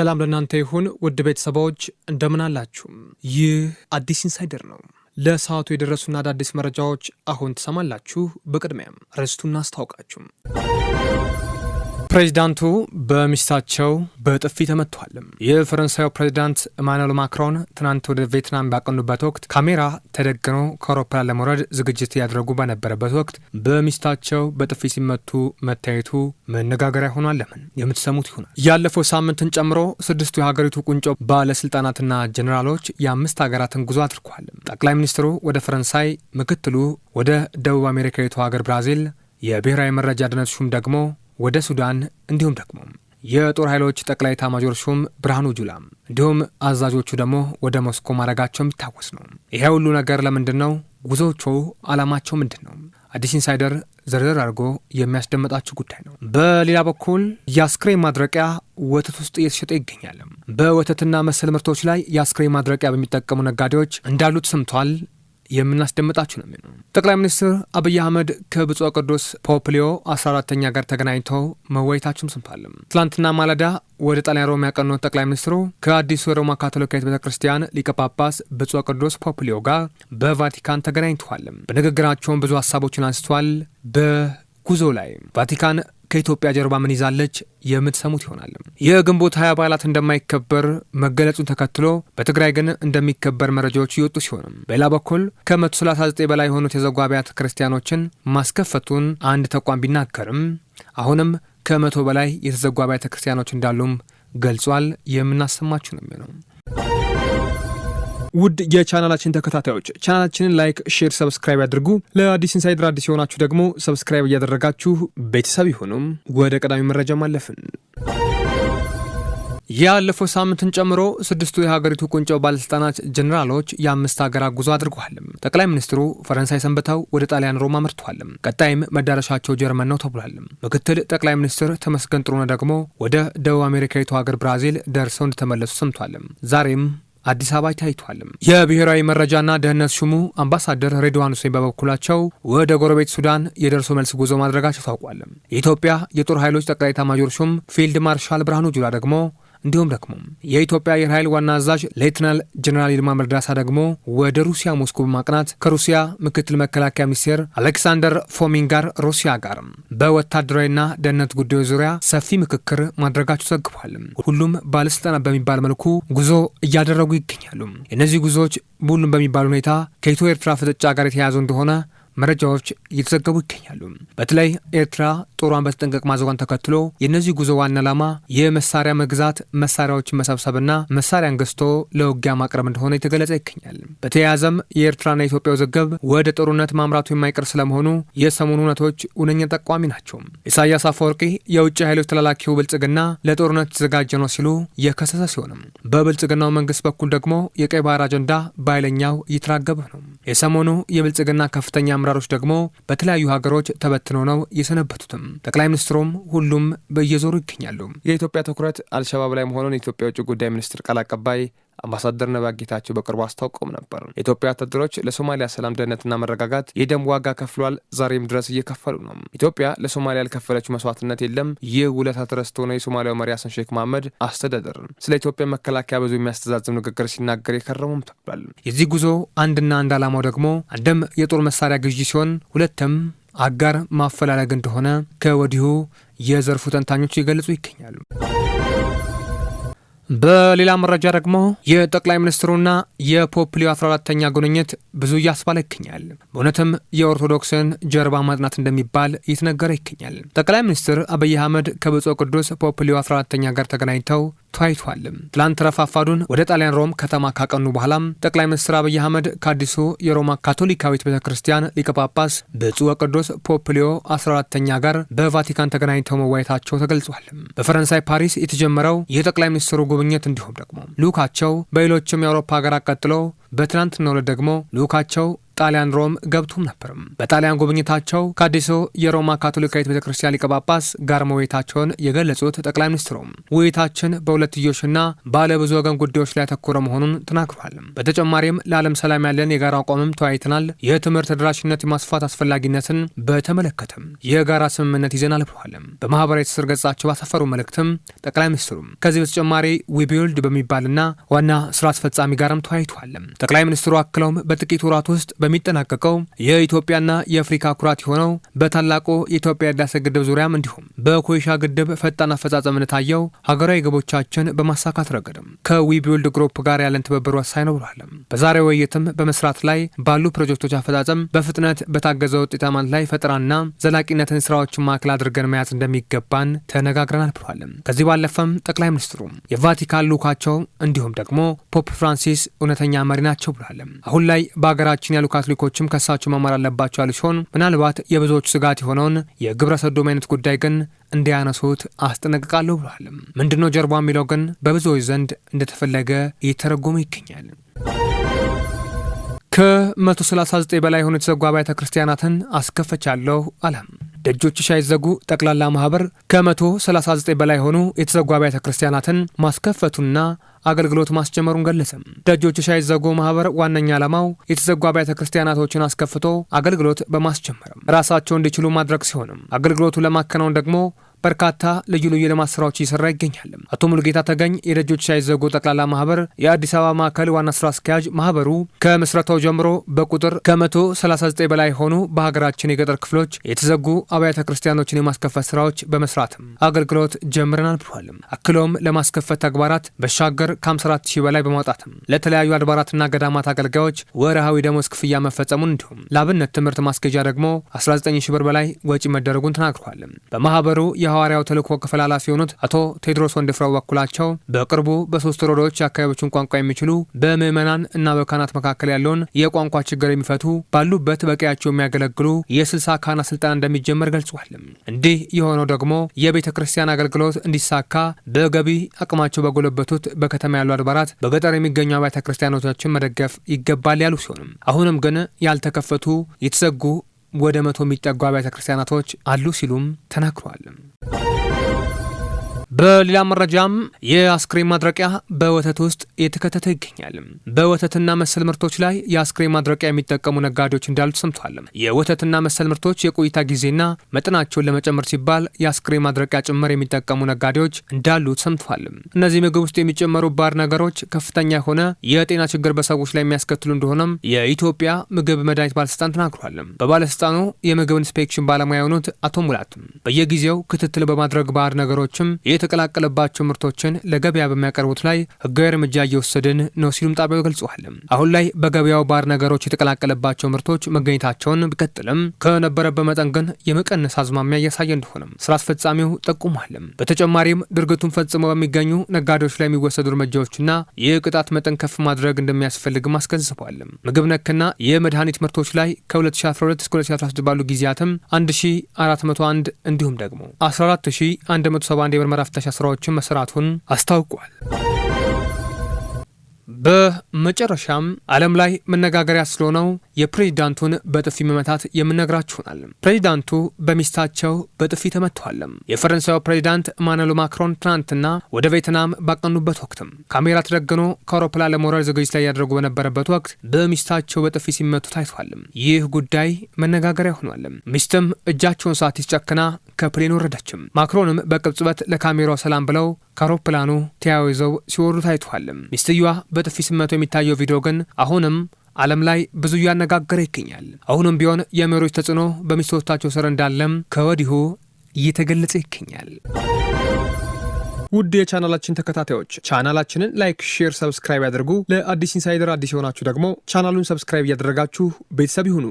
ሰላም ለእናንተ ይሁን ውድ ቤተሰባዎች እንደምን አላችሁም? ይህ አዲስ ኢንሳይደር ነው። ለሰዓቱ የደረሱና አዳዲስ መረጃዎች አሁን ትሰማላችሁ። በቅድሚያም ርዕስቱን እናስታውቃችሁ። ፕሬዚዳንቱ በሚስታቸው በጥፊ ተመቷልም። የፈረንሳዩ ፕሬዚዳንት ኢማኑኤል ማክሮን ትናንት ወደ ቬትናም ባቀኑበት ወቅት ካሜራ ተደግኖ ከአውሮፕላን ለመውረድ ዝግጅት እያደረጉ በነበረበት ወቅት በሚስታቸው በጥፊ ሲመቱ መታየቱ መነጋገሪያ ሆኗል። ለምን የምትሰሙት ይሆናል። ያለፈው ሳምንትን ጨምሮ ስድስቱ የሀገሪቱ ቁንጮ ባለስልጣናትና ጀኔራሎች የአምስት ሀገራትን ጉዞ አድርጓል። ጠቅላይ ሚኒስትሩ ወደ ፈረንሳይ፣ ምክትሉ ወደ ደቡብ አሜሪካዊቱ ሀገር ብራዚል፣ የብሔራዊ መረጃ ደህንነት ሹም ደግሞ ወደ ሱዳን እንዲሁም ደግሞ የጦር ኃይሎች ጠቅላይ ታማጆር ሹም ብርሃኑ ጁላ እንዲሁም አዛዦቹ ደግሞ ወደ ሞስኮ ማድረጋቸው የሚታወስ ነው። ይሄ ሁሉ ነገር ለምንድን ነው? ጉዞዎቹ ዓላማቸው ምንድን ነው? አዲስ ኢንሳይደር ዝርዝር አድርጎ የሚያስደምጣችሁ ጉዳይ ነው። በሌላ በኩል የአስክሬን ማድረቂያ ወተት ውስጥ እየተሸጠ ይገኛል። በወተትና መሰል ምርቶች ላይ የአስክሬን ማድረቂያ በሚጠቀሙ ነጋዴዎች እንዳሉት ሰምቷል። የምናስደምጣችሁ ነው የሚሆነው። ጠቅላይ ሚኒስትር አብይ አህመድ ከብፁዕ ቅዱስ ፖፕ ሊዮ 14ተኛ ጋር ተገናኝተው መወያየታቸውም ስንፋልም ትላንትና ማለዳ ወደ ጣሊያን ሮም ያቀኑት ጠቅላይ ሚኒስትሩ ከአዲሱ የሮማ ካቶሊካዊት ቤተ ክርስቲያን ሊቀ ጳጳስ ብፁዕ ቅዱስ ፖፕሊዮ ጋር በቫቲካን ተገናኝተዋል። በንግግራቸውም ብዙ ሀሳቦችን አንስተዋል። በጉዞ ላይ ቫቲካን ከኢትዮጵያ ጀርባ ምን ይዛለች የምትሰሙት ይሆናል። የግንቦት ሀያ በዓላት እንደማይከበር መገለጹን ተከትሎ በትግራይ ግን እንደሚከበር መረጃዎች እየወጡ ሲሆንም በሌላ በኩል ከ139 በላይ የሆኑት የዘጉ አብያተ ክርስቲያኖችን ማስከፈቱን አንድ ተቋም ቢናገርም አሁንም ከመቶ በላይ የተዘጉ አብያተ ክርስቲያኖች እንዳሉም ገልጿል። የምናሰማችሁ ነው የሚሆነው። ውድ የቻናላችን ተከታታዮች ቻናላችንን ላይክ፣ ሼር፣ ሰብስክራይብ ያድርጉ። ለአዲስ ኢንሳይድር አዲስ የሆናችሁ ደግሞ ሰብስክራይብ እያደረጋችሁ ቤተሰብ ይሁኑም። ወደ ቀዳሚ መረጃ ማለፍን ያለፈው ሳምንትን ጨምሮ ስድስቱ የሀገሪቱ ቁንጮ ባለስልጣናት ጀኔራሎች የአምስት ሀገራት ጉዞ አድርገዋል። ጠቅላይ ሚኒስትሩ ፈረንሳይ ሰንብተው ወደ ጣሊያን ሮማ መርተዋል። ቀጣይም መዳረሻቸው ጀርመን ነው ተብሏል። ምክትል ጠቅላይ ሚኒስትር ተመስገን ጥሩነህ ደግሞ ወደ ደቡብ አሜሪካዊቱ ሀገር ብራዚል ደርሰው እንደተመለሱ ሰምቷል። ዛሬም አዲስ አበባ ታይቷልም። የብሔራዊ መረጃና ደህንነት ሹሙ አምባሳደር ሬድዋን ሁሴን በበኩላቸው ወደ ጎረቤት ሱዳን የደርሶ መልስ ጉዞ ማድረጋቸው ታውቋል። የኢትዮጵያ የጦር ኃይሎች ጠቅላይ ኤታማዦር ሹም ፊልድ ማርሻል ብርሃኑ ጁላ ደግሞ እንዲሁም ደግሞ የኢትዮጵያ አየር ኃይል ዋና አዛዥ ሌትናል ጀኔራል ይልማ መርዳሳ ደግሞ ወደ ሩሲያ ሞስኮ በማቅናት ከሩሲያ ምክትል መከላከያ ሚኒስቴር አሌክሳንደር ፎሚን ጋር ሩሲያ ጋር በወታደራዊና ደህንነት ጉዳዮች ዙሪያ ሰፊ ምክክር ማድረጋቸው ዘግቧል። ሁሉም ባለስልጣናት በሚባል መልኩ ጉዞ እያደረጉ ይገኛሉ። እነዚህ ጉዞዎች ሁሉም በሚባል ሁኔታ ከኢትዮ ኤርትራ ፍጥጫ ጋር የተያያዙ እንደሆነ መረጃዎች እየተዘገቡ ይገኛሉ። በተለይ ኤርትራ ጦሯን በተጠንቀቅ ማዘጓን ተከትሎ የእነዚህ ጉዞ ዋና ዓላማ የመሳሪያ መግዛት፣ መሳሪያዎችን መሰብሰብና መሳሪያን ገዝቶ ለውጊያ ማቅረብ እንደሆነ የተገለጸ ይገኛል። በተያያዘም የኤርትራና የኢትዮጵያ ውዝግብ ወደ ጦርነት ማምራቱ የማይቀር ስለመሆኑ የሰሞኑ እውነቶች እውነኛ ጠቋሚ ናቸው። ኢሳያስ አፈወርቂ የውጭ ኃይሎች ተላላኪው ብልጽግና ለጦርነት የተዘጋጀ ነው ሲሉ የከሰሰ ሲሆንም በብልጽግናው መንግስት በኩል ደግሞ የቀይ ባህር አጀንዳ በኃይለኛው እየተራገበ ነው። የሰሞኑ የብልጽግና ከፍተኛ አመራሮች ደግሞ በተለያዩ ሀገሮች ተበትነው ነው የሰነበቱትም። ጠቅላይ ሚኒስትሩም ሁሉም በየዞሩ ይገኛሉ። የኢትዮጵያ ትኩረት አልሸባብ ላይ መሆኑን የኢትዮጵያ የውጭ ጉዳይ ሚኒስትር ቃል አቀባይ አምባሳደር ነባ ጌታቸው በቅርቡ አስታውቀውም ነበር። የኢትዮጵያ ወታደሮች ለሶማሊያ ሰላም፣ ደህንነትና መረጋጋት የደም ዋጋ ከፍሏል፣ ዛሬም ድረስ እየከፈሉ ነው። ኢትዮጵያ ለሶማሊያ ያልከፈለችው መስዋዕትነት የለም። ይህ ውለታ ተረስቶ ነው የሶማሊያው መሪ ሀሰን ሼክ መሐመድ አስተዳደር ስለ ኢትዮጵያ መከላከያ ብዙ የሚያስተዛዝብ ንግግር ሲናገር የከረሙም ተብሏል። የዚህ ጉዞ አንድና አንድ ዓላማው ደግሞ አንድም የጦር መሳሪያ ግዢ ሲሆን፣ ሁለትም አጋር ማፈላለግ እንደሆነ ከወዲሁ የዘርፉ ተንታኞች እየገለጹ ይገኛሉ። በሌላ መረጃ ደግሞ የጠቅላይ ሚኒስትሩና የፖፕ ሊዮ 14ተኛ ጉብኝት ብዙ እያስባለ ይገኛል። በእውነትም የኦርቶዶክስን ጀርባ ማጥናት እንደሚባል እየተነገረ ይገኛል። ጠቅላይ ሚኒስትር አብይ አህመድ ከብፁዕ ቅዱስ ፖፕ ሊዮ 14ተኛ ጋር ተገናኝተው ተወያይቷልም። ትላንት ረፋፋዱን ወደ ጣሊያን ሮም ከተማ ካቀኑ በኋላም ጠቅላይ ሚኒስትር አብይ አህመድ ከአዲሱ የሮማ ካቶሊካዊት ቤተ ክርስቲያን ሊቀ ጳጳስ ብፁዕ ወቅዱስ ፖፕ ሊዮ 14ተኛ ጋር በቫቲካን ተገናኝተው መወያየታቸው ተገልጿል። በፈረንሳይ ፓሪስ የተጀመረው የጠቅላይ ሚኒስትሩ ጉብኝት እንዲሁም ደግሞ ልዑካቸው በሌሎችም የአውሮፓ ሀገራት ቀጥሎ በትናንትናው ዕለት ደግሞ ልዑካቸው ጣሊያን ሮም ገብቶም ነበርም። በጣሊያን ጉብኝታቸው ከአዲሱ የሮማ ካቶሊካዊት ቤተ ክርስቲያን ሊቀ ጳጳስ ጋር መወያየታቸውን የገለጹት ጠቅላይ ሚኒስትሩ ውይይታችን በሁለትዮሽና ባለ ብዙ ወገን ጉዳዮች ላይ ያተኮረ መሆኑን ተናግሯል። በተጨማሪም ለዓለም ሰላም ያለን የጋራ አቋምም ተወያይተናል። የትምህርት ተደራሽነት የማስፋት አስፈላጊነትን በተመለከተም የጋራ ስምምነት ይዘናል ብለዋል። በማህበራዊ ትስስር ገጻቸው ባሰፈሩ መልእክትም ጠቅላይ ሚኒስትሩ ከዚህ በተጨማሪ ዊቢውልድ በሚባልና ዋና ስራ አስፈጻሚ ጋርም ተወያይተዋል። ጠቅላይ ሚኒስትሩ አክለውም በጥቂት ወራት ውስጥ በሚጠናቀቀው የኢትዮጵያና የአፍሪካ ኩራት የሆነው በታላቁ የኢትዮጵያ ህዳሴ ግድብ ዙሪያም እንዲሁም በኮይሻ ግድብ ፈጣን አፈጻጸም እንደታየው ሀገራዊ ግቦቻችን በማሳካት ረገድም ከዊቢውልድ ግሩፕ ጋር ያለን ትብብር ወሳኝ ነው ብሏል። በዛሬው ውይይትም በመስራት ላይ ባሉ ፕሮጀክቶች አፈጻጸም በፍጥነት በታገዘ ውጤታማነት ላይ ፈጠራና ዘላቂነትን ስራዎችን ማዕከል አድርገን መያዝ እንደሚገባን ተነጋግረናል ብሏል። ከዚህ ባለፈም ጠቅላይ ሚኒስትሩ የቫቲካን ልዑካቸው እንዲሁም ደግሞ ፖፕ ፍራንሲስ እውነተኛ መሪ ናቸው ብሏል። አሁን ላይ በሀገራችን ያሉ ካቶሊኮችም ከሳቸው መማር አለባቸው ያሉ ሲሆን ምናልባት የብዙዎቹ ስጋት የሆነውን የግብረ ሰዶም አይነት ጉዳይ ግን እንዲያነሱት አስጠነቅቃለሁ ብሏል። ምንድነው ጀርባ የሚለው ግን በብዙዎች ዘንድ እንደተፈለገ እየተረጎመ ይገኛል። ከ139 በላይ የሆኑ የተዘጉ አብያተ ክርስቲያናትን አስከፈቻለሁ አለም። ደጆችሽ አይዘጉ ጠቅላላ ማህበር ከ139 በላይ የሆኑ የተዘጉ አብያተ ክርስቲያናትን ማስከፈቱና አገልግሎት ማስጀመሩን ገለጸም። ደጆች አይዘጉ ማህበር ዋነኛ ዓላማው የተዘጉ አብያተ ክርስቲያናቶችን አስከፍቶ አገልግሎት በማስጀመርም ራሳቸው እንዲችሉ ማድረግ ሲሆንም አገልግሎቱ ለማከናወን ደግሞ በርካታ ልዩ ልዩ የልማት ስራዎች እየሰራ ይገኛል። አቶ ሙሉጌታ ተገኝ የደጆች ሳይዘጉ ጠቅላላ ማህበር የአዲስ አበባ ማዕከል ዋና ስራ አስኪያጅ፣ ማህበሩ ከምስረታው ጀምሮ በቁጥር ከ139 በላይ የሆኑ በሀገራችን የገጠር ክፍሎች የተዘጉ አብያተ ክርስቲያኖችን የማስከፈት ስራዎች በመስራትም አገልግሎት ጀምረናል ብሏል። አክሎም ለማስከፈት ተግባራት በሻገር ከ54 ሺህ በላይ በማውጣትም ለተለያዩ አድባራትና ገዳማት አገልጋዮች ወርሃዊ ደሞዝ ክፍያ መፈጸሙን እንዲሁም ለአብነት ትምህርት ማስኬጃ ደግሞ 19 ሺህ ብር በላይ ወጪ መደረጉን ተናግሯል። በማህበሩ የሐዋርያው ተልእኮ ክፍል ኃላፊ የሆኑት አቶ ቴድሮስ ወንድፍራው በኩላቸው በቅርቡ በሶስት ወረዳዎች የአካባቢዎችን ቋንቋ የሚችሉ በምዕመናን እና በካህናት መካከል ያለውን የቋንቋ ችግር የሚፈቱ ባሉበት በቀያቸው የሚያገለግሉ የስልሳ ካህናት ስልጠና እንደሚጀመር ገልጿል። እንዲህ የሆነው ደግሞ የቤተ ክርስቲያን አገልግሎት እንዲሳካ በገቢ አቅማቸው በጎለበቱት በከተማ ያሉ አድባራት በገጠር የሚገኙ አብያተ ክርስቲያኖቻችን መደገፍ ይገባል ያሉ ሲሆንም አሁንም ግን ያልተከፈቱ የተዘጉ ወደ መቶ የሚጠጉ አብያተ ክርስቲያናቶች አሉ ሲሉም ተናግረዋል። በሌላ መረጃም የአስክሬን ማድረቂያ በወተት ውስጥ የተከተተ ይገኛል። በወተትና መሰል ምርቶች ላይ የአስክሬን ማድረቂያ የሚጠቀሙ ነጋዴዎች እንዳሉ ሰምቷል። የወተትና መሰል ምርቶች የቆይታ ጊዜና መጠናቸውን ለመጨመር ሲባል የአስክሬን ማድረቂያ ጭምር የሚጠቀሙ ነጋዴዎች እንዳሉ ሰምቷል። እነዚህ ምግብ ውስጥ የሚጨመሩ ባዕድ ነገሮች ከፍተኛ የሆነ የጤና ችግር በሰዎች ላይ የሚያስከትሉ እንደሆነም የኢትዮጵያ ምግብ መድኃኒት ባለስልጣን ተናግሯል። በባለስልጣኑ የምግብ ኢንስፔክሽን ባለሙያ የሆኑት አቶ ሙላት በየጊዜው ክትትል በማድረግ ባዕድ ነገሮችም የተቀላቀለባቸው ምርቶችን ለገበያ በሚያቀርቡት ላይ ህጋዊ እርምጃ እየወሰድን ነው ሲሉም ጣቢያው ገልጿል። አሁን ላይ በገበያው ባር ነገሮች የተቀላቀለባቸው ምርቶች መገኘታቸውን ቢቀጥልም ከነበረበት መጠን ግን የመቀነስ አዝማሚያ እያሳየ እንደሆነም ስራ አስፈጻሚው ጠቁሟል። በተጨማሪም ድርግቱን ፈጽመው በሚገኙ ነጋዴዎች ላይ የሚወሰዱ እርምጃዎችና የቅጣት መጠን ከፍ ማድረግ እንደሚያስፈልግም አስገንዝቧል። ምግብ ነክና የመድኃኒት ምርቶች ላይ ከ2012 እስከ 2016 ባሉ ጊዜያትም 1401 እንዲሁም ደግሞ 14171 የምርመራ የፍተሻ ስራዎችን መስራቱን አስታውቋል። በመጨረሻም ዓለም ላይ መነጋገሪያ ስለሆነው የፕሬዚዳንቱን በጥፊ መመታት የምነግራችሁናል። ፕሬዚዳንቱ በሚስታቸው በጥፊ ተመቷል። የፈረንሳዩ ፕሬዚዳንት ኢማኑኤል ማክሮን ትናንትና ወደ ቬትናም ባቀኑበት ወቅትም ካሜራ ተደግኖ ከአውሮፕላን ለመውረድ ዝግጅት ላይ ያደረጉ በነበረበት ወቅት በሚስታቸው በጥፊ ሲመቱ ታይቷልም። ይህ ጉዳይ መነጋገሪያ ሆኗልም። ሚስትም እጃቸውን ሰዓት ይስጨክና ከፕሌን ወረደችም። ማክሮንም በቅጽበት ለካሜራው ሰላም ብለው ከአውሮፕላኑ ተያይዘው ሲወርዱ ታይቷልም። ሚስትየዋ በጥፊ ስመቶ የሚታየው ቪዲዮ ግን አሁንም ዓለም ላይ ብዙ እያነጋገረ ይገኛል። አሁንም ቢሆን የመሪዎች ተጽዕኖ በሚስቶቻቸው ስር እንዳለም ከወዲሁ እየተገለጸ ይገኛል። ውድ የቻናላችን ተከታታዮች ቻናላችንን ላይክ፣ ሼር፣ ሰብስክራይብ ያድርጉ። ለአዲስ ኢንሳይደር አዲስ የሆናችሁ ደግሞ ቻናሉን ሰብስክራይብ እያደረጋችሁ ቤተሰብ ይሁኑ።